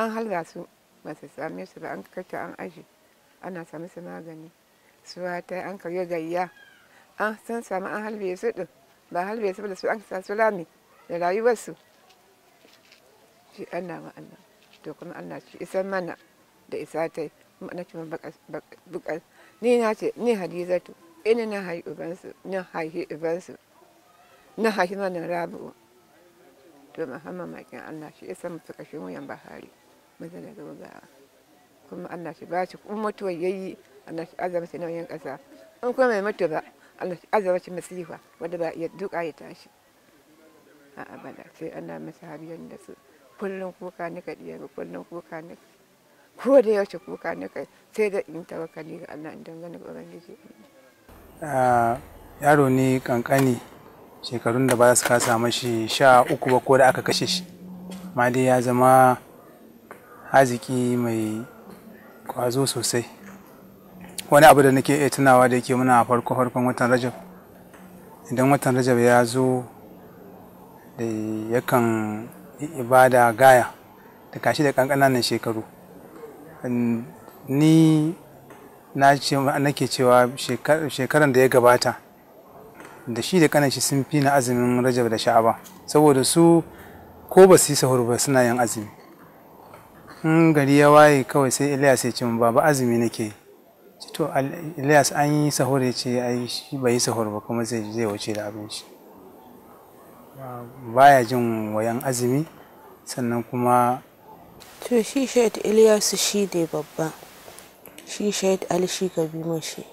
an halga su masu sami same su ba an kata an aji ana sami su magani su ta an karye gayya an san sami an halbe su din ba halbe su da su an sa su lami da rayuwarsu shi an na Allah to kuma Allah shi isan mana da isa tai na ce bukar ni na ce ni hadizatu ina na haihi ubansu na haihi ubansu na haihi mana rabu to muhammad makin Allah shi isan mu suka shi bahari maza da gaugawa kuma Allah shi bashi kuma mutuwar yayi Allah shi azaba shi nauyin ƙasa in kuma mai mutu ba Allah shi azaba shi masifa wanda ba ya duka ya tashi a abada sai ana masa habiyar da su kullum kuka nika ɗiya kullum kuka nika ko da yaushe kuka nika sai da in tawakkali ga Allah in dangane ga ubangiji yaro ne kankani shekarun da ba su kasa mashi sha uku ba ko da aka kashe shi ma dai ya zama haziki mai kwazo sosai wani abu da nake iya tunawa da yake muna farko farkon watan rajab idan watan rajab ya zo da yakan ibada gaya da kashi da kankananan shekaru ni na ce nake cewa shekaran da ya gabata da shi da shi sun fi na azumin rajab da sha'aba saboda su ko ba su yi sahur ba suna yin azumi in gari ya waye kawai sai Ilyas ya ce baba azumi nake to Ilyas an yi sahur ya ce ai shi bai yi sahur ba kuma zai zai wuce da abinci baya jin wayan azumi sannan kuma to shi shaid Ilyas shi ne babba shi shaid Ali shi gabi mashi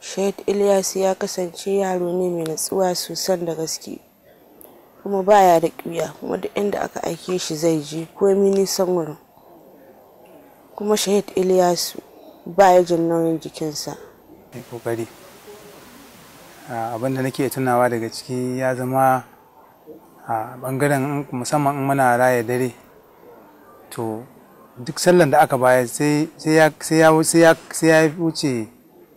shaid Ilyas ya kasance yaro ne mai natsuwa sosai da gaske kuma baya da ƙuya kuma duk inda aka aike shi zai je komi nisan wurin kuma shahid iliyasu baya jin nauyin jikinsa kokari abinda nake tunawa daga ciki ya zama a bangaren musamman in muna raya dare to duk sallan da aka bayar sai ya wuce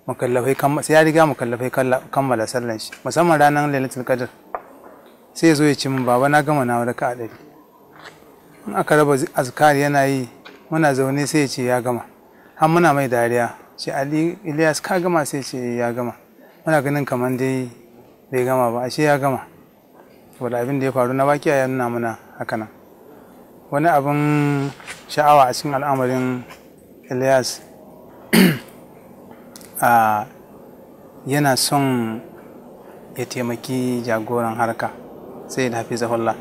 makallafai sai ya riga makallafai kammala sallan shi musamman ranar lailatul kadar sai ya zo ya ci min baba na gama na raka a ɗari in aka raba azkar yana yi muna zaune sai ya ce ya gama har muna mai dariya ce ali ilyas ka gama sai ce eh, ya gama muna ganin kamar dai bai gama ba ashe ya gama Wani abin da ya faru na baki ya nuna mana nan. wani abin sha'awa a cikin al'amarin ilyas yana son ya taimaki jagoran harka sai da hafizahullah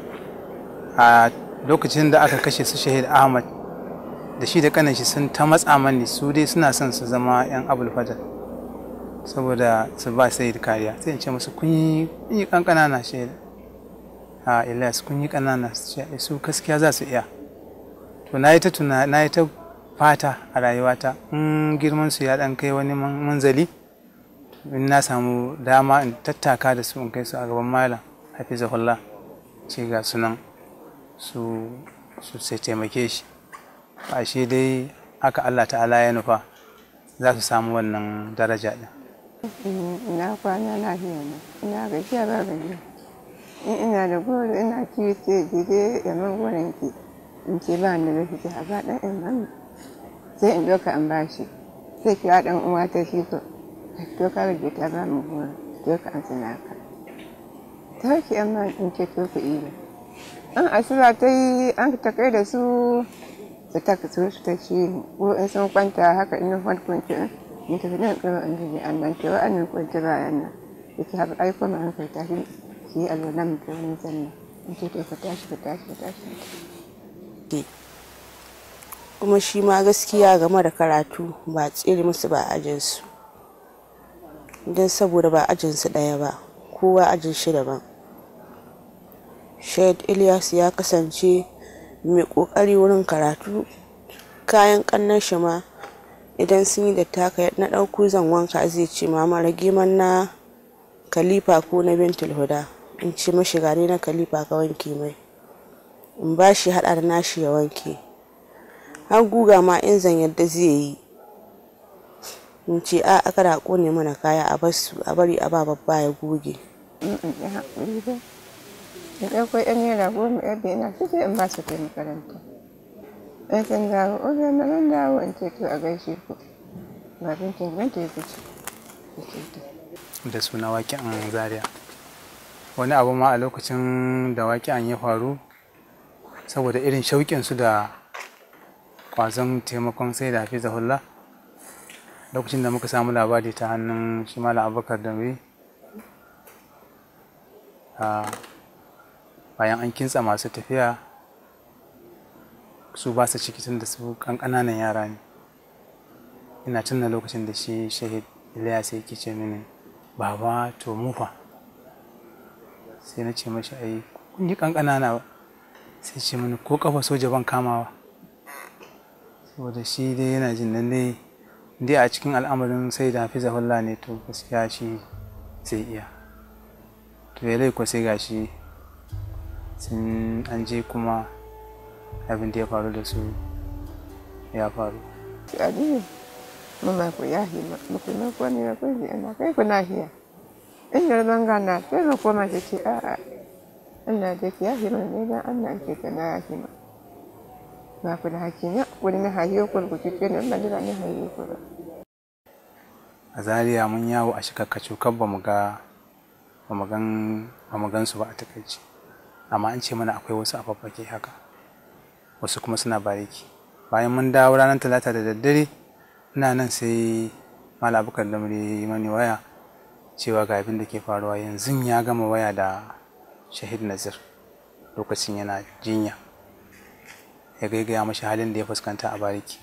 a lokacin da aka kashe su shahid ahmad da shi da kanan shi sun ta matsa mani su dai suna son su zama yan abul fajar saboda su ba sayid kariya sai in ce musu kun yi kankana na shahid a ilayas kun yi kanana su gaskiya za su iya to na yi ta tuna na yi ta fata a rayuwata in girman su ya dan kai wani manzali in na samu dama in tattaka da su in kai su a gaban malam hafizahullah ce ga sunan su su sai taimake shi ba shi dai aka Allah ta'ala ya nufa za su samu wannan daraja ɗin. ina kwana lafiya ne ina gajiya ba gajiya in ina da goro ina kiwo ce jide da mangoron ki in ce ba ni da fita a ba ɗan in mami sai in doka in bashi sai kira ɗan uwa ta shi ko doka da ta ba mu goro doka an sinaka taki yan nan in ce to ku ile an asira ta yi an ta kai da su su ta ka su ta ci ko in sun kwanta haka in nufar kwanci in tafi nan kama an jini an nan cewa an nan kwanci bayan nan da ke haɓa ai ma an kai shi ki yi alwala mu ta wani zanna in ce to ka tashi ka tashi ka tashi. kuma shi ma gaskiya game da karatu ba tsere musu ba ajinsu don saboda ba ajinsu ɗaya ba kowa ajin shi daban Shade Ilyas ya kasance mai kokari wurin karatu, kayan kannan shi ma idan sun yi da taka na ɗauku zan wanka zai ce mama rage man na kalifa ko na bintul huda in ce mashi gare na kalifa ka wanke mai in ba shi haɗa da nashi ya wanke har guga ma in zan yadda zai yi in ce a aka raƙo ne mana kaya a basu a bari a ba babba ya goge in ɗauko yan naira goma yan biyu ina ciki in ba su kai makaranta in sun dawo oga oh, na nan dawo in ce to a gaishe ku ba ga bincin ganta ya fice da suna waki an zaria wani abu ma a lokacin da waki an ya faru saboda irin shauƙinsu da ƙwazon taimakon sai da hafi zahulla lokacin da muka samu labari ta hannun shi malam abubakar dambe ah, bayan an kintsa masu tafiya su ba su ciki tun da su ƙanƙananan yara ne ina tunna lokacin da shi shahid ilyas yake ce mini baba to mufa sai na ce mashi ai kun yi ƙanƙanana ba sai ce mini ko kafa soja ban kamawa saboda shi dai yana jin nan dai dai a cikin al'amarin sai da hafiza hulla ne to gaskiya shi sai iya to ya laiko sai gashi sun an je kuma abin da ya faru da su ya faru aliyu mama ku ya hi ku na ku ne ku ji ana kai ku na hiya in da zanga na sai na koma ki ce a a ina da ki ya hi mai ne dan Allah ke ta na hi ma na ku da hakina ku ne hayo ku ku ce ne ban da ne hayo ku a zaria mun yawo a shikakkacu kan ba mu ga ba mu gan su ba a takaici amma an ce mana akwai wasu a haka wasu kuma suna bariki bayan mun dawo ranar talata da daddare ina nan sai mala abubakar da yi mani waya cewa ga abin da ke faruwa yanzu ya gama waya da shahid nazir lokacin yana jinya ya gaigaya mashi halin da ya fuskanta a bariki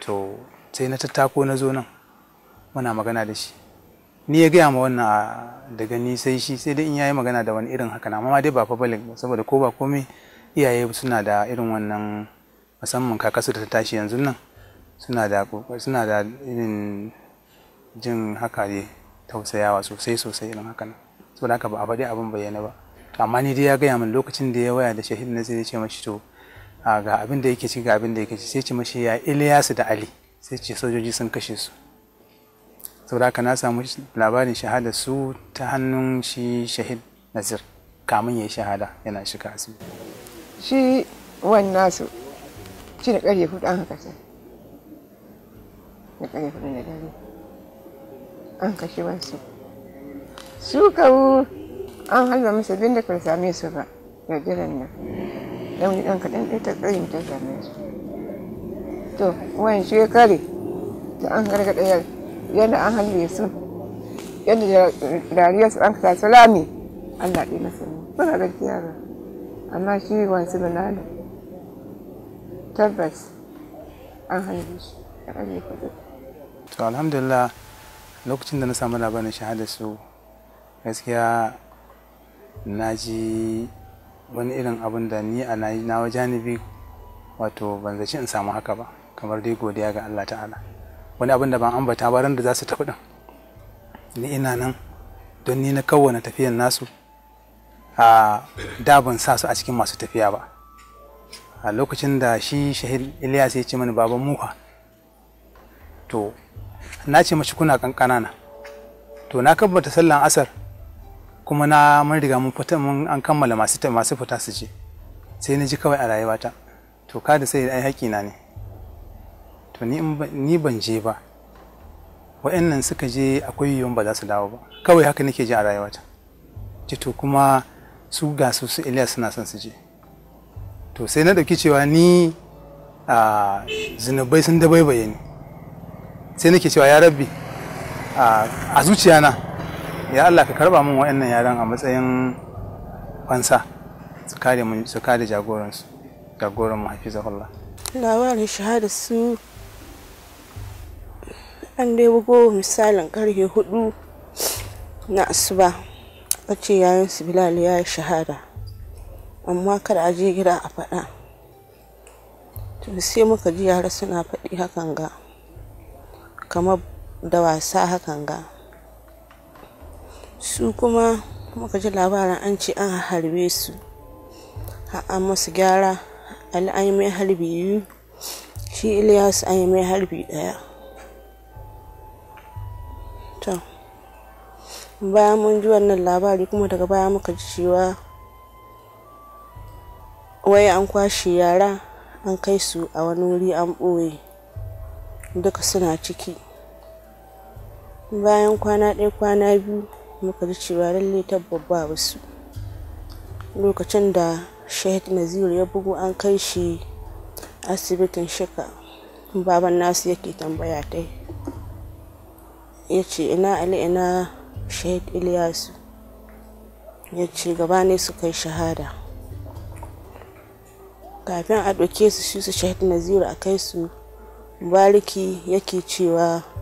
to sai na tattako na zo nan muna magana da shi ni ya gaya ma wannan a ah, daga ni sai shi sai dai in yayi magana da wani irin haka na amma dai ba public saboda ko ba komai iyaye suna da irin wannan musamman kakasu da ta tashi yanzu nan suna da suna da irin jin haka ne tausayawa sosai sosai irin haka nan saboda haka ba a faɗi abin bayyana ba amma ni dai ya gaya min lokacin da ya waya da shahid na sai ce mashi to ah, ga abin da yake ci ga abin da yake ci sai ce mashi ya Ilyasu da Ali sai ce sojoji sun kashe su saboda haka na samu labarin shahada su ta hannun shi shahid nazir kamun ya yi shahada yana shiga su shi wani nasu shi da karye hudu an haka sai da karye hudu na dare an kashe wasu su kawo an halba masa bin da kar same su ba da jiran nan dan wani dan kaɗan ɗaya ta tsayin ta same su to wani shekare ta an gargaɗa yau yadda an halle su yadda dariya su an kasa salami Allah ɗi na sani suna da ba amma shi wansu banana tabbas an halle shi an halle kudu to alhamdulillah lokacin da na samu labarin shahada su gaskiya na ji wani irin abin da ni a na janibi wato ban zaci in samu haka ba kamar dai godiya ga Allah ta'ala wani abin da ban ambata ba ran da za su tafi din ni ina nan don ni na kawwana tafiyan nasu a da ban sa su a cikin masu tafiya ba a lokacin da shi shahid Ilyas ya ce mani baban muka to na ce mashi kuna kankana na to na kabbata sallan asar kuma na mun riga mun fita mun an kammala masu masu fita su je sai na ji kawai a rayuwata to da sai ai haƙi na ne to ni ban je ba wa'annan suka je akwai yiwuwan ba za su dawo ba kawai haka nake ji a rayuwata ce to kuma su ga su su Ilyas suna son su je to sai na ɗauki cewa ni a zinubai sun dabaibaye ni sai nake cewa ya rabbi a zuciyana ya Allah ka karba min wa'annan yaran a matsayin fansa su kare jagoransu jagoran mu hafizahullah Lawar shahada su an dai bugo misalin karfe hudu na asuba a ce yayin su bilal ya yi shahada amma kada a je gida a faɗa to sai muka ji yara suna faɗi hakan ga kamar da wasa hakan ga su kuma muka ji labarin an ce an harbe su an masu gyara mai harbi biyu shi ilyas an mai harbi ɗaya bayan mun ji wannan labari kuma daga baya muka ji cewa wai an kwashe yara an kai su a wani wuri an ɓoye duka suna ciki bayan kwana ɗaya kwana biyu muka ji cewa lallai tabbab ba wasu lokacin da shahid naziru ya bugu an kai shi asibitin shika baban nasu yake tambaya ta ya ce ina ali ina shahid ilyasu ya ce gaba ne su kai shahada kafin a ɗauke su su shahid naziru a kai su bariki yake cewa